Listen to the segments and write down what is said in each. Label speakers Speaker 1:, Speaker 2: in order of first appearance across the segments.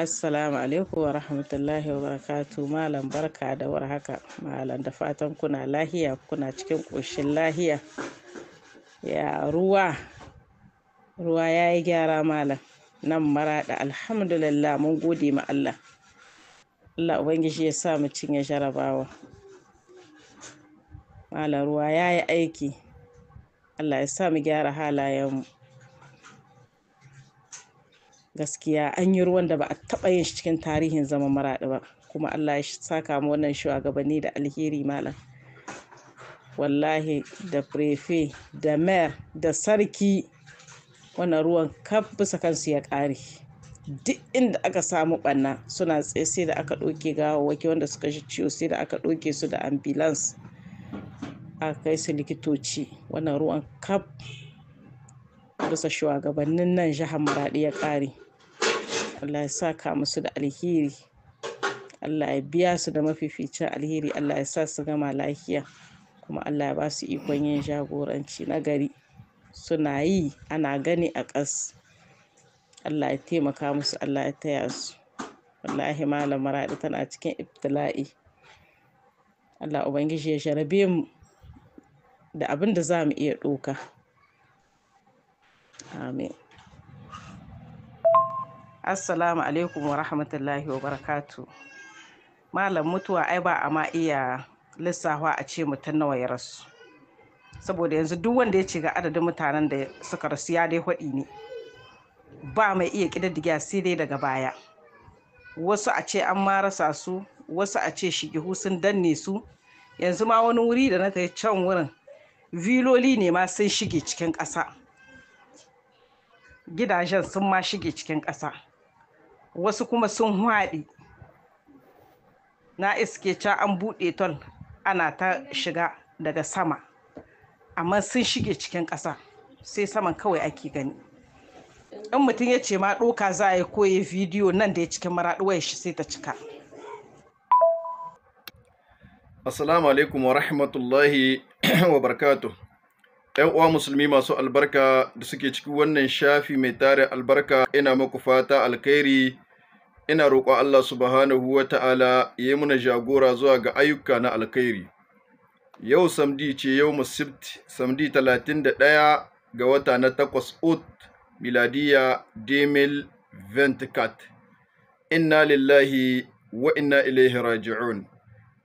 Speaker 1: Assalamu alaikum wa rahmatullahi wa barakatu Malam barka da warhaka. Malam da fatan kuna lahiya kuna cikin ƙoshin lahiya. Ya ruwa, ruwa ya yi gyara malam. Nan da alhamdulillah mun gode ma Allah. Allah Ubangiji ya sa mu cinye jarabawa. Malam ruwa ya yi aiki. Allah ya sa mu gyara mu. gaskiya an yi ruwan da ba a taɓa yin shi cikin tarihin zaman maraɗi ba kuma allah ya saka mu wannan shugabanni da alheri malam wallahi da prefe da mayor da sarki wannan ruwan kaf bisa kansu ya ƙare duk inda aka samu ɓanna suna tsaye sai da aka ɗauke gawawwaki wanda suka shi ciwo sai da aka ɗauke su da ambulance a kai su likitoci wannan ruwan kaf bisa shugabannin nan jihar maraɗi ya ƙare Allah ya saka musu da alheri Allah ya biya su da mafificin alheri Allah ya sa su gama lafiya kuma Allah ya ba su ikon yin jagoranci na gari suna yi ana gani a ƙas Allah ya taimaka musu Allah ya taya su wallahi malam maradi tana cikin ibtila'i Allah ubangiji ya sharabe mu da abin da za mu iya ɗoka amin assalamu alaikum wa rahmatullahi wa barakatu malam mutuwa ai ba a ma iya lissafa a ce mutum nawa ya rasu saboda yanzu duk wanda ya ce ga adadin mutanen da suka rasu ya dai hwaɗi ne ba mai iya ƙididdiga sai dai daga baya wasu a ce an ma rasa su wasu a ce shigihu sun danne su yanzu ma wani wuri da na kai can wurin viloli ne ma sun shige cikin ƙasa gidajen sun ma shige cikin ƙasa wasu kuma sun haɗi na iske can an buɗe ton ana ta shiga daga sama amma sun shige cikin ƙasa sai saman kawai ake gani in mutum ya ce ma ɗoka za a yi koye bidiyo nan da ya cikin maraɗuwar shi sai ta cika
Speaker 2: assalamu alaikum wa rahmatullahi wa barakatuh 'yan uwa musulmi masu albarka da suke cikin wannan shafi mai tare albarka ina muku fata alkhairi ina roƙo Allah subhanahu wa ta'ala ya muna jagora zuwa ga ayyuka na alkhairi yau samdi ce yau musibt samdi talatin da ɗaya ga wata na takwas ut miladiya demil ventikat inna lillahi wa inna ilaihi raji'un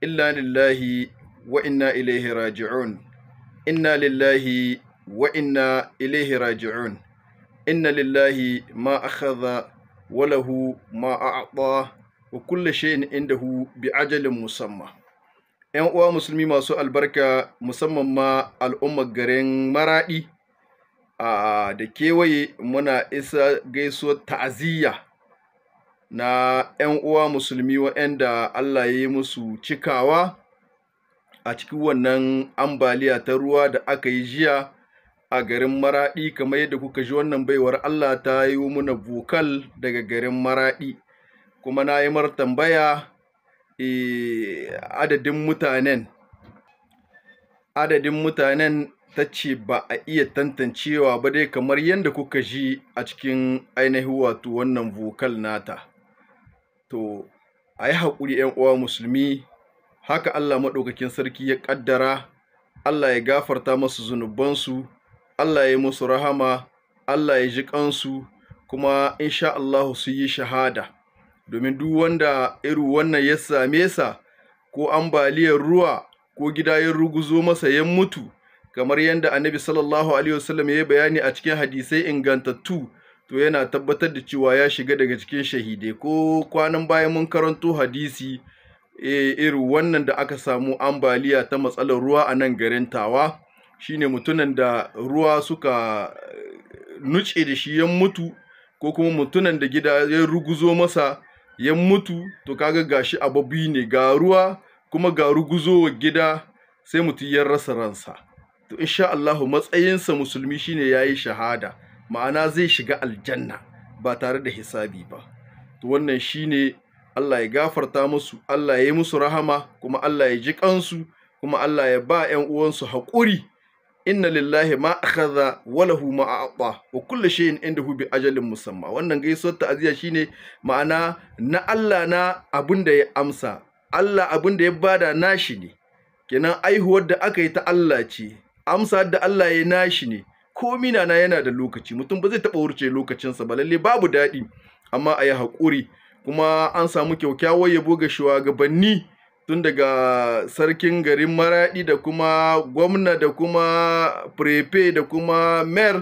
Speaker 2: illa lillahi wa inna ilaihi raji'un inna lillahi wa inna ilaihi raji'un inna lillahi ma akhadha wa lahu ma a'ta wa kullu shay'in indahu bi ajalin musamma ƴan uwa musulmi masu albarka musamman ma al'ummar garin maradi a da kewaye muna isa gaisuwar ta'aziyya na ƴan uwa musulmi waɗanda Allah ya musu cikawa a cikin wannan ambaliya ta ruwa da aka yi jiya a garin maraɗi kamar yadda kuka ji wannan baiwar Allah ta yi muna vokal daga garin maraɗi kuma na yi mara tambaya e, adadin mutanen adadin mutanen ta ce ba a iya tantancewa ba dai kamar yadda kuka ji a cikin ainihin wato wannan vokal nata to a yi haƙuri uwa musulmi haka Allah maɗaukakin sarki ya ƙaddara Allah ya gafarta masu zunubansu Allah ya musu rahama Allah ya ji kansu kuma insha Allah su yi shahada domin duk wanda irin wannan ya same sa ko ambaliyar ruwa ko gida ya ruguzo masa ya mutu kamar yadda annabi sallallahu alaihi wasallam ya yi bayani a cikin hadisai ingantattu to yana tabbatar da cewa ya shiga daga cikin shahidai ko kwanan bayan mun karanto hadisi E, irin wannan da aka samu ambaliya ta matsalar ruwa a nan garin tawa shine mutunan da ruwa suka eh, nuce da shi yan mutu ko kuma mutunan da gida ya ruguzo masa yan mutu to kaga gashi ababi ne ga ruwa kuma ga ruguzo gida sai mutum ya rasa ransa to insha Allah matsayinsa musulmi shine yayi shahada ma'ana zai shiga aljanna ba tare da hisabi ba to wannan shine Allah ya gafarta musu Allah ya yi musu rahama kuma Allah ya ji kansu kuma Allah ya ba 'yan uwansu haƙuri inna lillahi ma walahu wa lahu ma a'ta wa shi shay'in inda hubi ajalin musamman. wannan gaisuwar ta'aziyya ne ma'ana na Allah na da ya amsa Allah da ya bada nashi ne kenan aihuwar da aka yi ta Allah ce amsa da Allah ya nashi ne mina na yana da lokaci mutum ba zai taɓa wurce lokacinsa ba lalle babu daɗi amma a yi haƙuri kuma an samu kyaukyawar yabo ga shugabanni tun daga sarkin garin maraɗi da kuma gwamna da kuma prepe da kuma mayor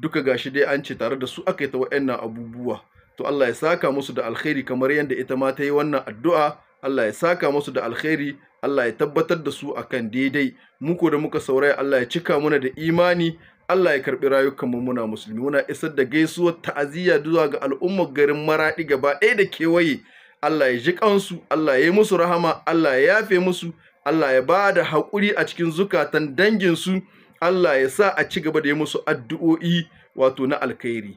Speaker 2: duka gashi dai an ce tare da su aka yi ta wa'annan abubuwa to Allah ya saka musu da alkhairi kamar yadda ita ma ta yi wannan addu'a Allah ya saka musu da alkhairi Allah ya tabbatar da su akan daidai muku da muka sauraya Allah ya cika muna da imani Allah ya karɓi rayukanmu muna musulmi muna isar da gaisuwar ta'aziyya zuwa ga al'ummar garin maraɗi gaba ɗaya da kewaye Allah ya ji kansu Allah ya yi musu rahama Allah ya yafe musu Allah ya ba da haƙuri a cikin zukatan danginsu Allah ya sa a ci gaba da yi musu addu'o'i wato na alkhairi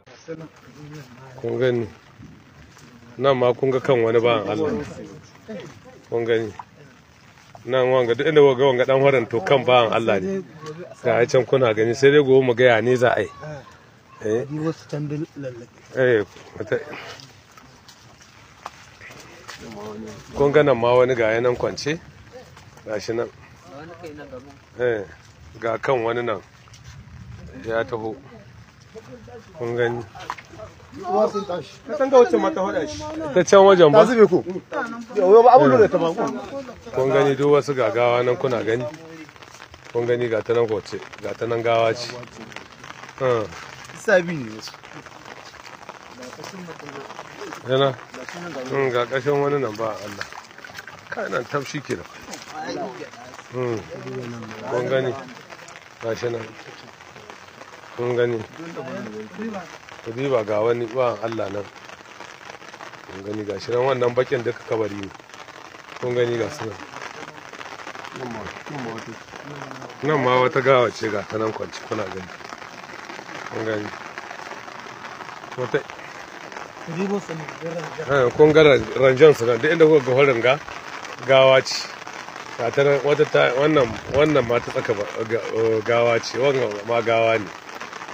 Speaker 2: kun
Speaker 3: gani nan ma kun ga kan wani ba Allah kun gani nan wanga duk inda ga wanga dan horon to kan bawan Allah ne ga a can kuna gani sai dai gobe mu ga ya ne za a yi eh wasu eh, kun ga nan ma wani ga yanan kwance gashi nan eh, ga kan wani nan ya taho kun gani ba duk wasu gagawa nan kuna gani kun gani ga nan kwace ga ta nan gawa ce hmm. yana hmm, ga wani nan ba Allah kai nan
Speaker 2: hmm. kun gani
Speaker 3: nan kun gani diba ga wani bawan allah nan kun gani ga shirin wannan bakin duka kabari ne kun gani ga su nan ma wata gawa ce ga ta nan kwanci kuna gani kun gani wata eh, kun ga ranjan su nan duk inda kuka ga ga gawa ce wata wannan ma ta tsaka gawa ce wannan ma gawa ne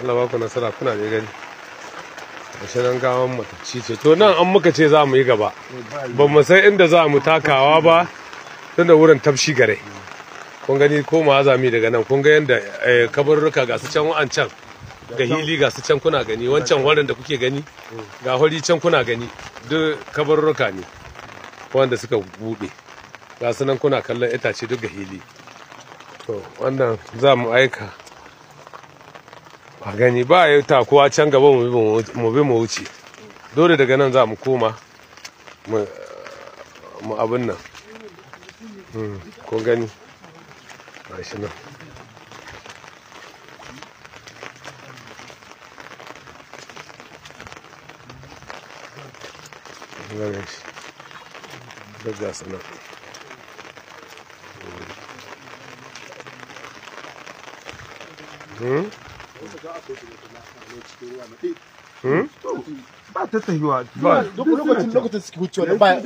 Speaker 3: Allah ba ku nasara kuna da gani ashe nan gawan matacci ce to nan an muka ce za mu yi gaba ba mu san inda za mu takawa ba tun da wurin tafshi gare kun gani ko ma za mu daga nan kun ga yanda eh, kabarruka ga su can can ga hili ga su can kuna gani wancan warin da kuke gani ga hori can kuna gani duk kabarruka ne wanda suka buɗe ga su nan kuna kallon itace duk ga hili to wannan za mu aika a gani ba ya takuwa can gaba mu bi mu wuce dole daga nan za mu koma mu abin nan hmm, ko gani shi nan mm Hmm? Hmm? ba ta ba duk lokacin lokacin suke wucewa ba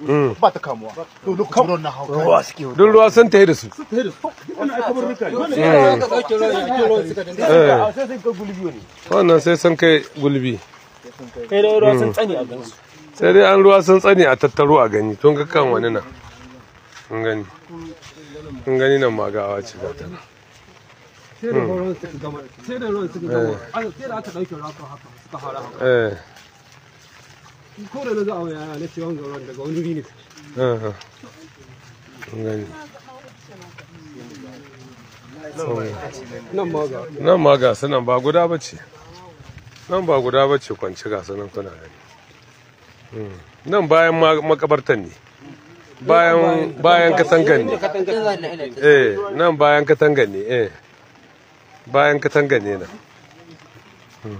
Speaker 2: hmm. ba ta kamuwa to lokacin ruwan na hauka ruwa suke duk ruwa
Speaker 3: sun ta da su sun
Speaker 2: da su
Speaker 3: hmm. eh. sai sun kai sai dai an ruwa sun tsani a tattaro a gani tun ga kan wani na, kun gani kun gani nan magawa ga ta nan sai da horon a
Speaker 2: nan ba guda nan
Speaker 3: ba guda nan bayan ne bayan katangan ne eh nan bayan katangan ne eh bayan katanga ne na hmm.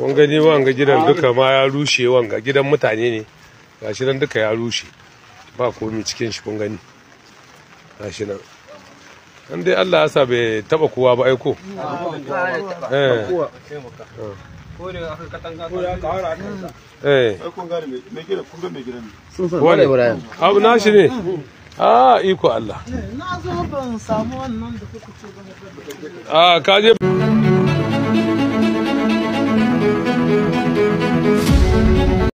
Speaker 3: wanga ne wanga gidan duka ma ya rushe wanga gidan mutane ne shi nan duka ya rushe ba komi cikin shi kun gani shi nan an dai Allah ya sa bai taba kowa ba aiko eh. ko ko eh ne iko Allah
Speaker 2: na zo ban samu wannan da kuka ce ban kaje